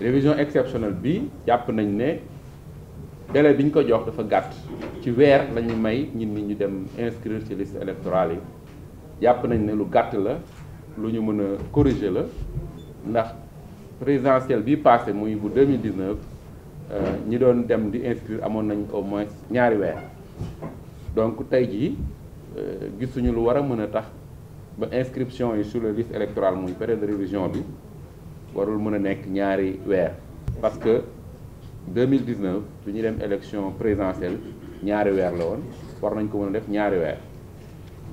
révision exceptionnelle bi jàpp nañ ne délai biñ ko jox dafa gàtt ci weer lañu may ñit ñi ñu dem inscrire ci liste électorale yi jàpp nañ ne lu gàtt la lu ñu mën a corriger la ndax présidentiel bi passé muy bu 2019 euh, ñi doon dem di inscrire amoon nañ au moins ñaari weer donc tey jii euh, gisuñu lu war a mën a tax ba inscription yi sur le listes électorales muy période de révision bi warul mëna nek ñaari weer parce que 2019 suñu dem élection présidentielle ñaari weer la won war nañ ko mëna def ñaari weer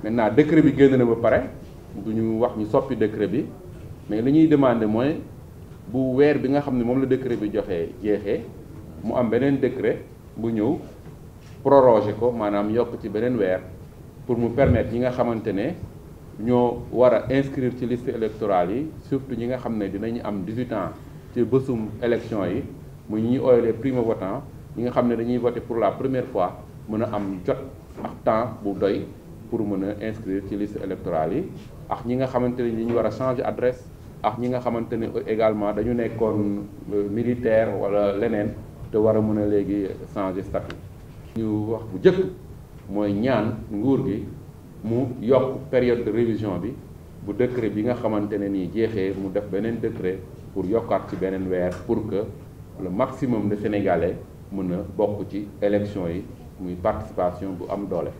maintenant décret bi génn na ba paré duñu wax ñu soppi décret bi mais li ñuy demander moy bu weer bi nga xam mom moom la décret bi joxé jéxé mu am benen décret bu ñëw proroger ko manam yok ci benen weer pour mu permettre ñi nga xamante ñoo war a inscrire ci liste électorale yi surtout ñi nga xam ne dinañu am 18 ans ci bësum élection yi mu ñi ooy les primo votants ñi nga xam ne dañuy voter pour la première fois mën a am jot ak temps bu doy pour mën a inscrire ci liste électorale yi ak ñi nga xamante ne ñu war a changer adresse ak ñi nga xamante ne également dañu nekkoon euh, militaire wala leneen te war a mën a léegi changer statut ñu wax bu jëkk mooy ñaan nguur gi mu yokk période de révision bi bu décret bi nga xamante ne nii jeexee mu def beneen décret pour yokkaat ci beneen weer pour que le maximum de sénégalais mën a bokk ci élection yi muy participation bu am doole.